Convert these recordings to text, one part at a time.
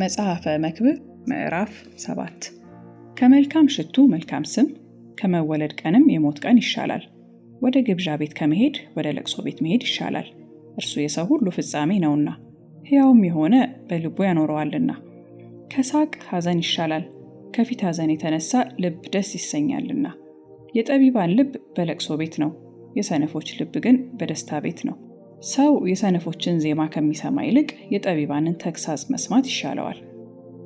መጽሐፈ መክብብ ምዕራፍ 7 ከመልካም ሽቱ መልካም ስም ከመወለድ ቀንም የሞት ቀን ይሻላል። ወደ ግብዣ ቤት ከመሄድ ወደ ለቅሶ ቤት መሄድ ይሻላል። እርሱ የሰው ሁሉ ፍጻሜ ነውና ሕያውም የሆነ በልቡ ያኖረዋልና። ከሳቅ ሐዘን ይሻላል፣ ከፊት ሐዘን የተነሳ ልብ ደስ ይሰኛልና። የጠቢባን ልብ በለቅሶ ቤት ነው፣ የሰነፎች ልብ ግን በደስታ ቤት ነው። ሰው የሰነፎችን ዜማ ከሚሰማ ይልቅ የጠቢባንን ተግሳጽ መስማት ይሻለዋል።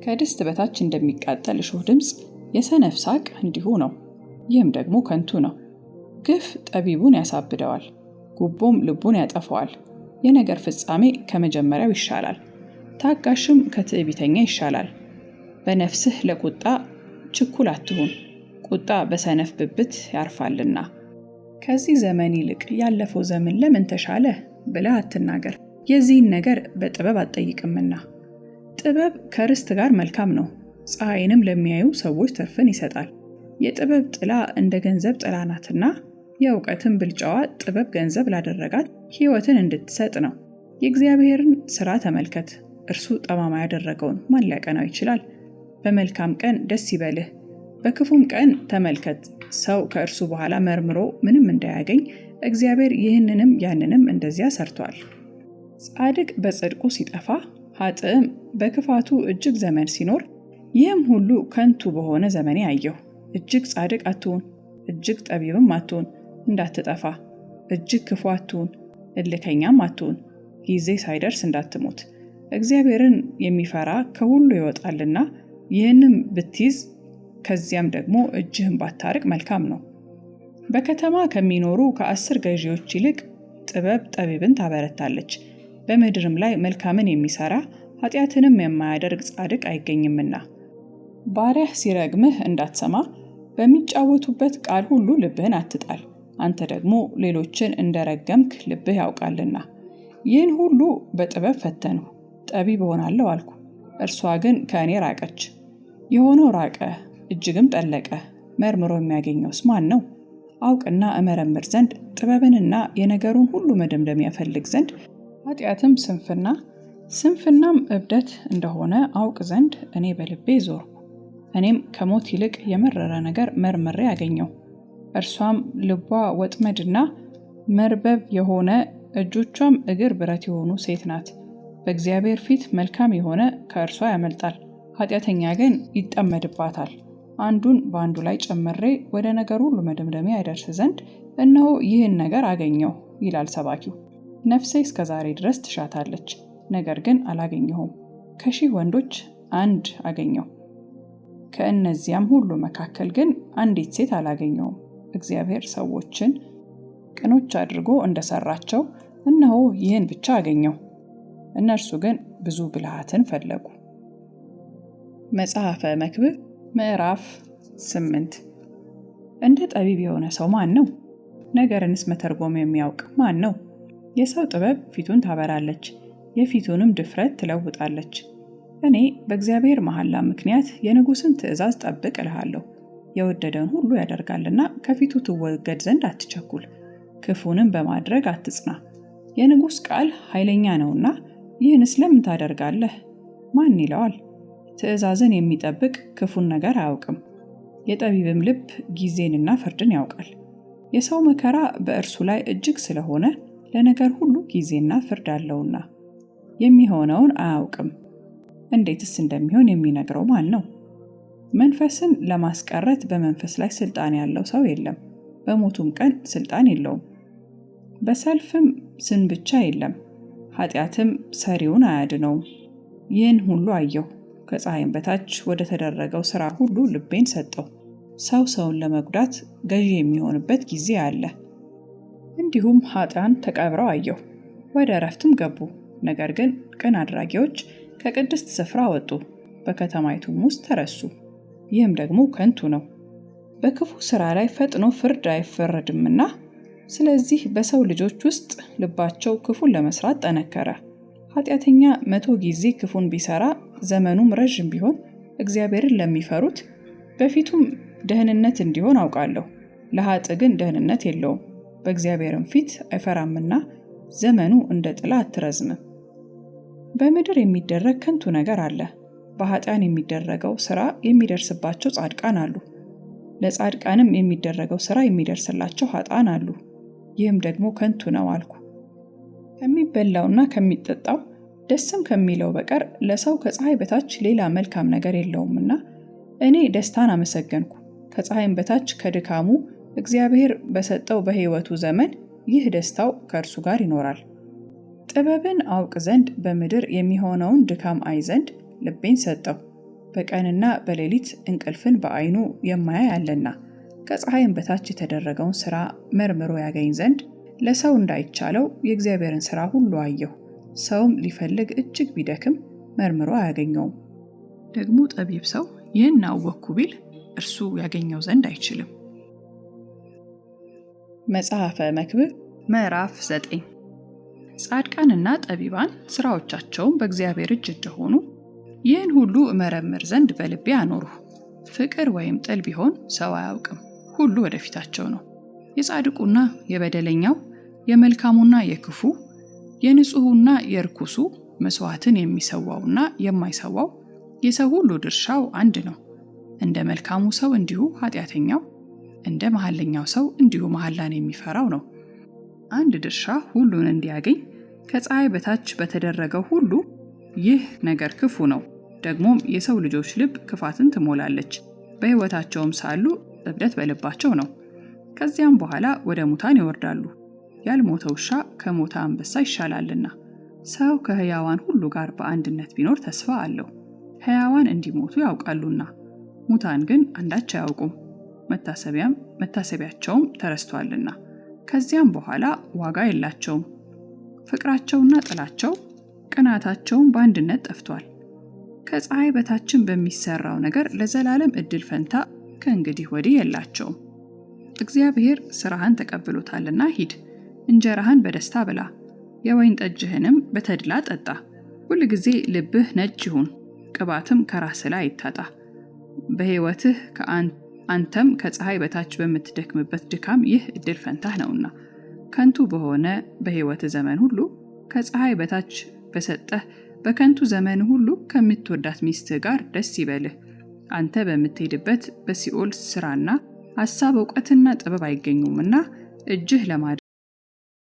ከድስት በታች እንደሚቃጠል እሾህ ድምፅ የሰነፍ ሳቅ እንዲሁ ነው። ይህም ደግሞ ከንቱ ነው። ግፍ ጠቢቡን ያሳብደዋል፣ ጉቦም ልቡን ያጠፈዋል። የነገር ፍጻሜ ከመጀመሪያው ይሻላል፣ ታጋሽም ከትዕቢተኛ ይሻላል። በነፍስህ ለቁጣ ችኩል አትሁን፣ ቁጣ በሰነፍ ብብት ያርፋልና። ከዚህ ዘመን ይልቅ ያለፈው ዘመን ለምን ተሻለ? ብለህ አትናገር። የዚህን ነገር በጥበብ አትጠይቅምና። ጥበብ ከርስት ጋር መልካም ነው፣ ፀሐይንም ለሚያዩ ሰዎች ትርፍን ይሰጣል። የጥበብ ጥላ እንደ ገንዘብ ጥላ ናትና የእውቀትን ብልጫዋ ጥበብ ገንዘብ ላደረጋት ሕይወትን እንድትሰጥ ነው። የእግዚአብሔርን ሥራ ተመልከት፣ እርሱ ጠማማ ያደረገውን ማን ሊያቀናው ይችላል? በመልካም ቀን ደስ ይበልህ፣ በክፉም ቀን ተመልከት፣ ሰው ከእርሱ በኋላ መርምሮ ምንም እንዳያገኝ እግዚአብሔር ይህንንም ያንንም እንደዚያ ሰርቷል። ጻድቅ በጽድቁ ሲጠፋ፣ ኃጥእም በክፋቱ እጅግ ዘመን ሲኖር፣ ይህም ሁሉ ከንቱ በሆነ ዘመኔ አየሁ። እጅግ ጻድቅ አትሁን፣ እጅግ ጠቢብም አትሁን እንዳትጠፋ፣ እጅግ ክፉ አትሁን፣ እልከኛም አትሁን ጊዜ ሳይደርስ እንዳትሞት። እግዚአብሔርን የሚፈራ ከሁሉ ይወጣልና፣ ይህንም ብትይዝ ከዚያም ደግሞ እጅህን ባታርቅ መልካም ነው። በከተማ ከሚኖሩ ከአስር ገዢዎች ይልቅ ጥበብ ጠቢብን ታበረታለች። በምድርም ላይ መልካምን የሚሰራ ኃጢአትንም የማያደርግ ጻድቅ አይገኝምና። ባሪያህ ሲረግምህ እንዳትሰማ በሚጫወቱበት ቃል ሁሉ ልብህን አትጣል። አንተ ደግሞ ሌሎችን እንደረገምክ ልብህ ያውቃልና። ይህን ሁሉ በጥበብ ፈተንሁ፣ ጠቢብ እሆናለሁ አልኩ። እርሷ ግን ከእኔ ራቀች። የሆነው ራቀ፣ እጅግም ጠለቀ። መርምሮ የሚያገኘውስ ማን ነው? አውቅና እመረምር ዘንድ ጥበብንና የነገሩን ሁሉ መደምደሚያ ፈልግ ዘንድ ኃጢአትም ስንፍና ስንፍናም እብደት እንደሆነ አውቅ ዘንድ እኔ በልቤ ዞር እኔም ከሞት ይልቅ የመረረ ነገር መርምሬ አገኘው። እርሷም ልቧ ወጥመድና መርበብ የሆነ እጆቿም እግር ብረት የሆኑ ሴት ናት። በእግዚአብሔር ፊት መልካም የሆነ ከእርሷ ያመልጣል፣ ኃጢአተኛ ግን ይጠመድባታል። አንዱን በአንዱ ላይ ጨምሬ ወደ ነገር ሁሉ መደምደሚያ አይደርስ ዘንድ እነሆ ይህን ነገር አገኘው ይላል ሰባኪው። ነፍሴ እስከ ዛሬ ድረስ ትሻታለች፣ ነገር ግን አላገኘሁም። ከሺህ ወንዶች አንድ አገኘው ከእነዚያም ሁሉ መካከል ግን አንዲት ሴት አላገኘሁም። እግዚአብሔር ሰዎችን ቅኖች አድርጎ እንደሰራቸው እነሆ ይህን ብቻ አገኘው እነርሱ ግን ብዙ ብልሃትን ፈለጉ። መጽሐፈ መክብብ ምዕራፍ ስምንት እንደ ጠቢብ የሆነ ሰው ማን ነው? ነገርንስ መተርጎም የሚያውቅ ማን ነው? የሰው ጥበብ ፊቱን ታበራለች፣ የፊቱንም ድፍረት ትለውጣለች። እኔ በእግዚአብሔር መሐላ ምክንያት የንጉሥን ትእዛዝ ጠብቅ እልሃለሁ። የወደደን ሁሉ ያደርጋልና ከፊቱ ትወገድ ዘንድ አትቸኩል፣ ክፉንም በማድረግ አትጽና። የንጉሥ ቃል ኃይለኛ ነውና ይህንስ ለምን ታደርጋለህ? ማን ይለዋል? ትዕዛዝን የሚጠብቅ ክፉን ነገር አያውቅም። የጠቢብም ልብ ጊዜንና ፍርድን ያውቃል። የሰው መከራ በእርሱ ላይ እጅግ ስለሆነ ለነገር ሁሉ ጊዜና ፍርድ አለውና የሚሆነውን አያውቅም፣ እንዴትስ እንደሚሆን የሚነግረው ማን ነው? መንፈስን ለማስቀረት በመንፈስ ላይ ስልጣን ያለው ሰው የለም። በሞቱም ቀን ስልጣን የለውም። በሰልፍም ስን ብቻ የለም። ኃጢአትም ሰሪውን አያድነውም። ይህን ሁሉ አየሁ ከፀሐይም በታች ወደ ተደረገው ስራ ሁሉ ልቤን ሰጠው። ሰው ሰውን ለመጉዳት ገዢ የሚሆንበት ጊዜ አለ። እንዲሁም ኃጥአን ተቀብረው አየሁ፣ ወደ እረፍትም ገቡ። ነገር ግን ቅን አድራጊዎች ከቅድስት ስፍራ ወጡ፣ በከተማይቱም ውስጥ ተረሱ። ይህም ደግሞ ከንቱ ነው። በክፉ ስራ ላይ ፈጥኖ ፍርድ አይፈረድምና፣ ስለዚህ በሰው ልጆች ውስጥ ልባቸው ክፉን ለመስራት ጠነከረ። ኃጢአተኛ መቶ ጊዜ ክፉን ቢሰራ ዘመኑም ረዥም ቢሆን እግዚአብሔርን ለሚፈሩት በፊቱም ደህንነት እንዲሆን አውቃለሁ። ለሀጥ ግን ደህንነት የለውም፣ በእግዚአብሔርም ፊት አይፈራምና ዘመኑ እንደ ጥላ አትረዝምም። በምድር የሚደረግ ከንቱ ነገር አለ። በኃጢአን የሚደረገው ስራ የሚደርስባቸው ጻድቃን አሉ፣ ለጻድቃንም የሚደረገው ስራ የሚደርስላቸው ሀጣን አሉ። ይህም ደግሞ ከንቱ ነው አልኩ። ከሚበላውና ከሚጠጣው ደስም ከሚለው በቀር ለሰው ከፀሐይ በታች ሌላ መልካም ነገር የለውምና እኔ ደስታን አመሰገንኩ። ከፀሐይም በታች ከድካሙ እግዚአብሔር በሰጠው በሕይወቱ ዘመን ይህ ደስታው ከእርሱ ጋር ይኖራል። ጥበብን አውቅ ዘንድ በምድር የሚሆነውን ድካም አይ ዘንድ ልቤን ሰጠው። በቀንና በሌሊት እንቅልፍን በዓይኑ የማያይ አለና ከፀሐይም በታች የተደረገውን ሥራ መርምሮ ያገኝ ዘንድ ለሰው እንዳይቻለው የእግዚአብሔርን ሥራ ሁሉ አየሁ። ሰውም ሊፈልግ እጅግ ቢደክም መርምሮ አያገኘውም። ደግሞ ጠቢብ ሰው ይህን አወቅኩ ቢል እርሱ ያገኘው ዘንድ አይችልም። መጽሐፈ መክብብ ምዕራፍ 9 ጻድቃንና ጠቢባን ስራዎቻቸውም በእግዚአብሔር እጅ እንደሆኑ ይህን ሁሉ እመረምር ዘንድ በልቤ አኖርሁ። ፍቅር ወይም ጥል ቢሆን ሰው አያውቅም፣ ሁሉ ወደፊታቸው ነው። የጻድቁና የበደለኛው የመልካሙና የክፉ የንጹሑና የርኩሱ መስዋዕትን የሚሰዋውና የማይሰዋው የሰው ሁሉ ድርሻው አንድ ነው። እንደ መልካሙ ሰው እንዲሁ ኃጢአተኛው፣ እንደ መሐለኛው ሰው እንዲሁ መሐላን የሚፈራው ነው። አንድ ድርሻ ሁሉን እንዲያገኝ ከፀሐይ በታች በተደረገው ሁሉ ይህ ነገር ክፉ ነው። ደግሞም የሰው ልጆች ልብ ክፋትን ትሞላለች፣ በሕይወታቸውም ሳሉ እብደት በልባቸው ነው። ከዚያም በኋላ ወደ ሙታን ይወርዳሉ። ያልሞተ ውሻ ከሞተ አንበሳ ይሻላልና ሰው ከህያዋን ሁሉ ጋር በአንድነት ቢኖር ተስፋ አለው። ህያዋን እንዲሞቱ ያውቃሉና ሙታን ግን አንዳች አያውቁም፣ መታሰቢያም መታሰቢያቸውም ተረስቷልና ከዚያም በኋላ ዋጋ የላቸውም። ፍቅራቸውና ጥላቸው ቅናታቸውም በአንድነት ጠፍቷል። ከፀሐይ በታችን በሚሰራው ነገር ለዘላለም እድል ፈንታ ከእንግዲህ ወዲህ የላቸውም። እግዚአብሔር ስራህን ተቀብሎታልና ሂድ እንጀራህን በደስታ ብላ፣ የወይን ጠጅህንም በተድላ ጠጣ። ሁል ጊዜ ልብህ ነጭ ይሁን፣ ቅባትም ከራስ ላይ አይታጣ። በሕይወትህ አንተም ከፀሐይ በታች በምትደክምበት ድካም ይህ እድል ፈንታህ ነውና ከንቱ በሆነ በሕይወት ዘመን ሁሉ ከፀሐይ በታች በሰጠህ በከንቱ ዘመን ሁሉ ከምትወዳት ሚስትህ ጋር ደስ ይበልህ። አንተ በምትሄድበት በሲኦል ስራና ሀሳብ እውቀትና ጥበብ አይገኙምና እጅህ ለማድ